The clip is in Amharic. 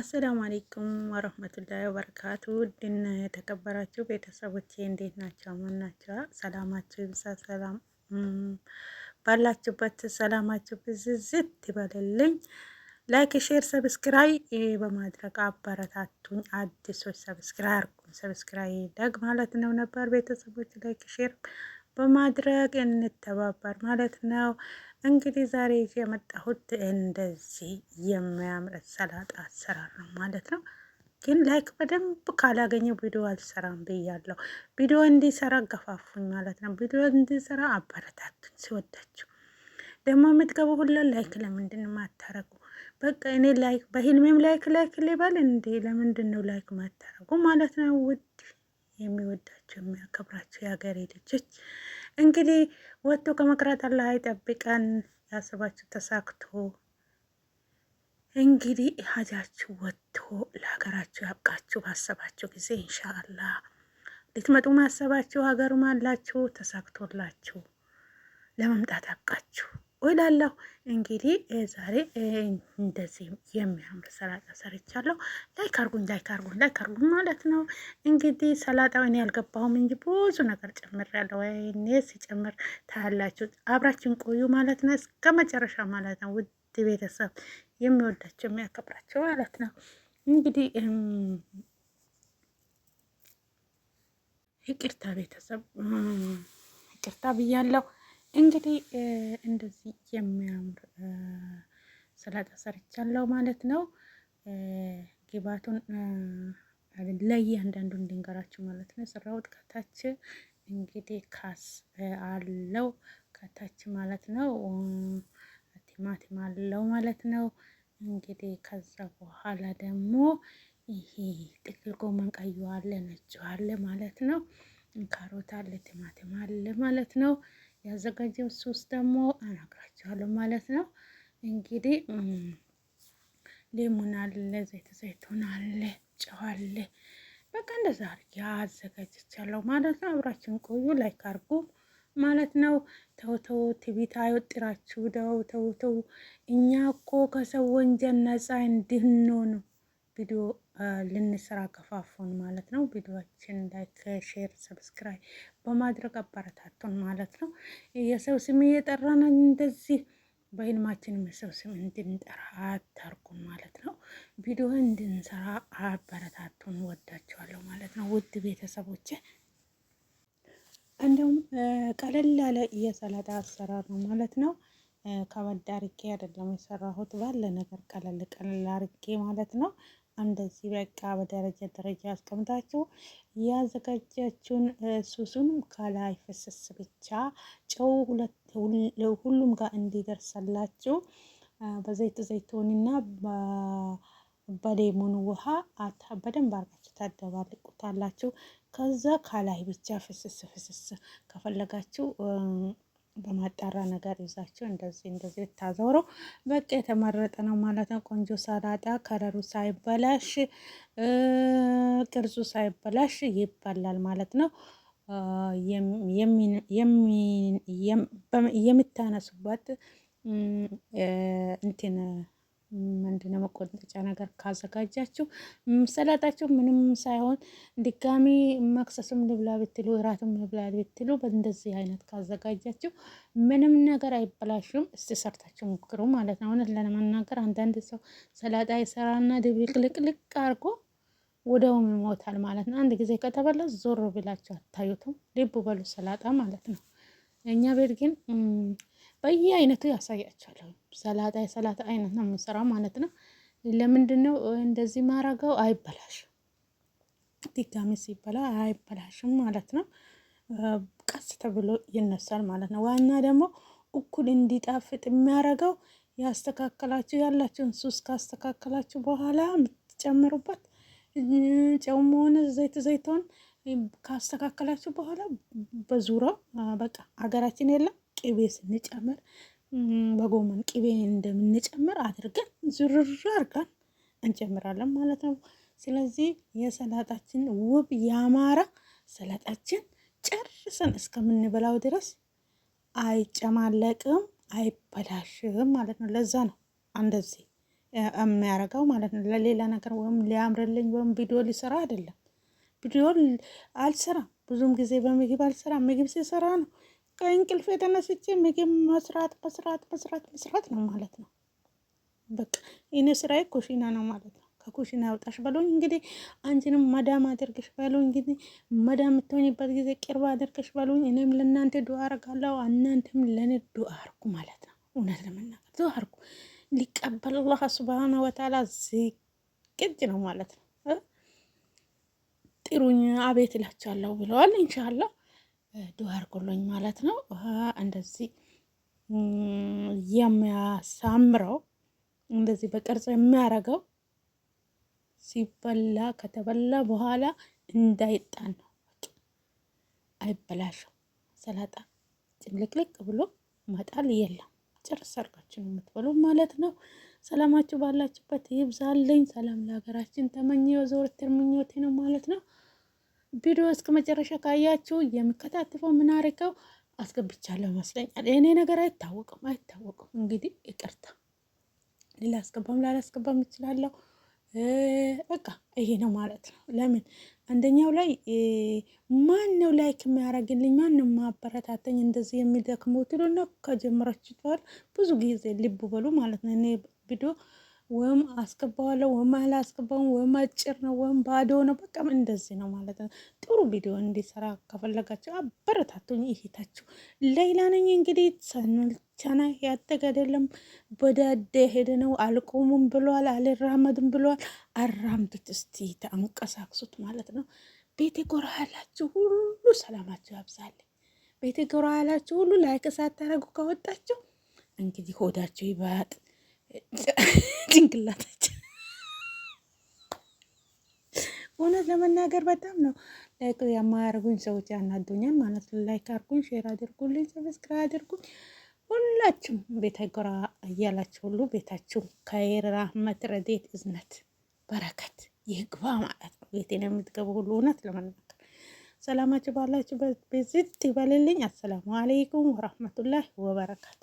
አሰላሙ አሌይኩም ወረህመቱላሂ ወበረካቱ ድን የተከበራችሁ ቤተሰቦቼ እንዴት ናቸው? ምን ናቸው? ሰላማችሁ ይብዛ። ሰላም ባላችሁበት ሰላማችሁ ብዝዝት ይበልልኝ። ላይክ፣ ሼር፣ ሰብስክራይ በማድረግ አበረታቱኝ። አዲሶች ሰብስክራይ አርጉኝ። ሰብስክራይ ደግ ማለት ነው ነበር ቤተሰቦች ላይክ ሼር በማድረግ እንተባበር ማለት ነው። እንግዲህ ዛሬ ይዤ የመጣሁት እንደዚህ የሚያምር ሰላጣ አሰራር ነው ማለት ነው። ግን ላይክ በደንብ ካላገኘ ቪዲዮ አልሰራም ብያለሁ። ቪዲዮ እንዲሰራ ገፋፉኝ ማለት ነው። ቪዲዮ እንዲሰራ አበረታቱኝ። ሲወዳችሁ ደግሞ የምትገቡ ሁሉ ላይክ ለምንድን ማታረጉ? በቃ እኔ ላይክ በህልሜም ላይክ ላይክ ሊባል እንዴ! ለምንድን ነው ላይክ ማታረጉ ማለት ነው? ውድ የሚወዳቸው የሚያከብራቸው የሀገሬ ልጆች እንግዲህ ወጥቶ ከመቅረት አላህ ይጠብቀን። ያሰባችሁ ተሳክቶ እንግዲህ ሀጃችሁ ወጥቶ ለሀገራችሁ ያብቃችሁ። ባሰባችሁ ጊዜ ኢንሻአላህ ልትመጡ ማሰባችሁ ሀገር ማላችሁ ተሳክቶላችሁ ለመምጣት ያብቃችሁ። እላለሁ። እንግዲህ ዛሬ እንደዚህ የሚያምር ሰላጣ ሰርቻለሁ። ላይክ አርጉኝ፣ ላይክ አርጉኝ፣ ላይክ አርጉኝ ማለት ነው። እንግዲህ ሰላጣው እኔ ያልገባሁም እንጂ ብዙ ነገር ጨምሬያለሁ። ወይኔ ሲጨምር ታያላችሁ። አብራችን ቆዩ ማለት ነው፣ እስከ መጨረሻ ማለት ነው። ውድ ቤተሰብ የሚወዳቸው የሚያከብራቸው ማለት ነው። እንግዲህ ይቅርታ ቤተሰብ ይቅርታ ብያለሁ። እንግዲህ እንደዚህ የሚያምር ሰላጣ ሰርቻለሁ ማለት ነው። ግባቱን ለእያንዳንዱ እንድንገራችሁ ማለት ነው። ስራውት ከታች እንግዲህ ካስ አለው ከታች ማለት ነው። ቲማቲም አለው ማለት ነው። እንግዲህ ከዛ በኋላ ደግሞ ይሄ ጥቅል ጎመን ቀዩ አለ፣ ነጭ አለ ማለት ነው። ካሮት አለ፣ ቲማቲም አለ ማለት ነው። ያዘጋጀው ሶስ ደግሞ አናግራችኋለሁ ማለት ነው። እንግዲህ ሌሙን አለ፣ ዘይት ዘይቱን አለ፣ ጨው አለ። በቃ እንደዛ አድርጌ አዘጋጅቻለሁ ማለት ነው። አብራችን ቆዩ፣ ላይክ አድርጉ ማለት ነው። ተውተው ትቢት አይወጥራችሁ ደው ተውተው። እኛ እኮ ከሰው ወንጀል ነጻ እንድንሆን ቪዲዮ ልንስራ ከፋፉን ማለት ነው። ቪዲዮችን ላይክ፣ ሼር፣ ሰብስክራይብ በማድረግ አበረታቱን ማለት ነው። የሰው ስም እየጠራን እንደዚህ በህልማችን የሰው ስም እንድንጠራ አታርጉም ማለት ነው። ቪዲዮ እንድንሰራ አበረታቱን። ወዳቸዋለሁ ማለት ነው ውድ ቤተሰቦች እንዲሁም ቀለል ያለ የሰላጣ አሰራር ነው ማለት ነው። ከበድ አርጌ አይደለም የሰራሁት፣ ባለ ነገር ቀለል ቀለል አርጌ ማለት ነው። እንደዚህ በቃ በደረጃ ደረጃ አስቀምጣችሁ ያዘጋጃችሁን ሱሱን ከላይ ፍስስ ብቻ ጨው ሁሉም ጋር እንዲደርሰላችሁ በዘይት ዘይቶንና በሌሞን ውሃ አታ በደንብ አርጋችሁ ታደባልቁታላችሁ። ከዛ ከላይ ብቻ ፍስስ ፍስስ ከፈለጋችሁ በማጣራ ነገር ይዛቸው እንደዚህ እንደዚህ ብታዞረው በቃ የተመረጠ ነው ማለት ነው። ቆንጆ ሰላጣ ከለሩ ሳይበላሽ ቅርጹ ሳይበላሽ ይበላል ማለት ነው። የምታነሱበት እንትን ምንድነው መቆንጠጫ ነገር ካዘጋጃችሁ ሰላጣችሁ ምንም ሳይሆን ድጋሚ መክሰስም ልብላ ብትሉ እራትም ልብላ ብትሉ በእንደዚህ አይነት ካዘጋጃችሁ ምንም ነገር አይበላሹም። እስቲ ሰርታችሁ ሞክሩ ማለት ነው። እውነት ለመናገር አንዳንድ ሰው ሰላጣ ይሰራና ድብልቅልቅልቅ አርጎ ወደውም ይሞታል ማለት ነው። አንድ ጊዜ ከተበላ ዞር ብላችሁ አታዩትም። ልብ በሉ ሰላጣ ማለት ነው። እኛ ቤት ግን በየአይነቱ ያሳያችኋለሁ። ሰላጣ የሰላጣ አይነት ነው የምንሰራው ማለት ነው። ለምንድን ነው እንደዚህ ማረገው? አይበላሽም፣ ድጋሚ ሲበላ አይበላሽም ማለት ነው። ቀስ ተብሎ ይነሳል ማለት ነው። ዋና ደግሞ እኩል እንዲጣፍጥ የሚያረገው ያስተካከላችሁ ያላችሁን ሱስ ካስተካከላችሁ በኋላ የምትጨምሩበት ጨውም ሆነ ዘይት ዘይቶን ካስተካከላችሁ በኋላ በዙሪያው በቃ ሀገራችን የለም ቅቤ ስንጨምር በጎመን ቅቤ እንደምንጨምር አድርገን ዝርር አድርገን እንጨምራለን ማለት ነው። ስለዚህ የሰላጣችን ውብ ያማረ ሰላጣችን ጨርሰን እስከምንበላው ድረስ አይጨማለቅም፣ አይበላሽም ማለት ነው። ለዛ ነው እንደዚህ የሚያረገው ማለት ነው። ለሌላ ነገር ወይም ሊያምርልኝ ወይም ቪዲዮ ሊሰራ አይደለም። ቪዲዮ አልሰራም ብዙም ጊዜ በምግብ አልሰራም። ምግብ ሲሰራ ነው ከእንቅልፍ የተነስቼ ምግብ መስራት መስራት መስራት መስራት ነው ማለት ነው። በቃ እኔ ስራዬ ኩሽና ነው ማለት ነው። ከኩሽና ያውጣሽ በሎኝ እንግዲህ፣ አንቺንም መዳም አድርገሽ በለኝ እንግዲህ፣ መዳም የምትሆኝበት ጊዜ ቅርብ አድርገሽ በለኝ። እኔም ለእናንተ ዱአ አርጋለሁ፣ እናንተም ለእኔ ዱአ አርጉ ማለት ነው። እውነት ለመናገር ዱአ አርጉ። ሊቀበል አላህ ስብሃነ ወተዓላ ዝቅጅ ነው ማለት ነው። ጥሩኝ አቤት እላቸዋለሁ ብለዋል። ኢንሻአላህ ዱዓ አድርጎልኝ ማለት ነው። እንደዚህ የሚያሳምረው እንደዚህ በቅርጽ የሚያረገው ሲበላ ከተበላ በኋላ እንዳይጣን ነው፣ አይበላሽም። ሰላጣ ጭልቅልቅ ብሎ መጣል የለም። ጭርስ አድርጋችሁ የምትበሉ ማለት ነው። ሰላማችሁ ባላችሁበት ይብዛልኝ። ሰላም ለሀገራችን ተመኘው። ዘወትር ምኞቴ ነው ማለት ነው። ቪዲዮ እስከ መጨረሻ ካያችሁ የምከታተፈው ምናረገው አስገብቻለሁ ይመስለኛል። እኔ ነገር አይታወቅም አይታወቅም። እንግዲህ ይቅርታ ላስገባም ላላስገባም እችላለሁ። በቃ ይሄ ነው ማለት ነው። ለምን አንደኛው ላይ ማን ነው ላይክ የሚያደርግልኝ ማን ነው ማበረታተኝ እንደዚህ የሚደክመው ትሉና ከጀመራችሁ ብዙ ጊዜ ልብ በሉ ማለት ነው። እኔ ቪዲዮ ወይም አስገባዋለሁ ወይም አላስገባውም ወይም አጭር ነው ወይም ባዶ ነው። በቃ እንደዚህ ነው ማለት ነው። ጥሩ ቪዲዮ እንዲሰራ ከፈለጋቸው አበረታቱኝ። ይሄታችሁ ሌላ ነኝ እንግዲህ ቻና ያደገ አይደለም በዳደ ሄደ ነው። አልቆሙም ብሏል፣ አልራመድም ብሏል። አራምዱት እስቲ ተንቀሳቅሱት ማለት ነው። ቤት ጎራ ያላችሁ ሁሉ ሰላማችሁ ያብዛል። ቤት ጎራ ያላችሁ ሁሉ ላይክ ሳታረጉ ከወጣችሁ እንግዲህ ሆዳችሁ ይባጥ። ጭንቅላታችን እውነት ለመናገር በጣም ነው ላይክ የማያደርጉኝ ሰዎች ያናዱኛል ማለት ነው። ላይክ አድርጉኝ፣ ሼር አድርጉልኝ፣ ሰብስክራይብ አድርጉኝ። ሁላችሁም ቤተ ጎራ እያላችሁ ሁሉ ቤታችሁ ከይር ራህመት ረዴት እዝነት በረከት ይግባ ማለት ነው። ቤቴን የምትገቡ ሁሉ እውነት ለመናገር ሰላማችሁ ባላችሁ በዝት ይበልልኝ። አሰላሙ አሌይኩም ወራህመቱላህ ወበረካቱ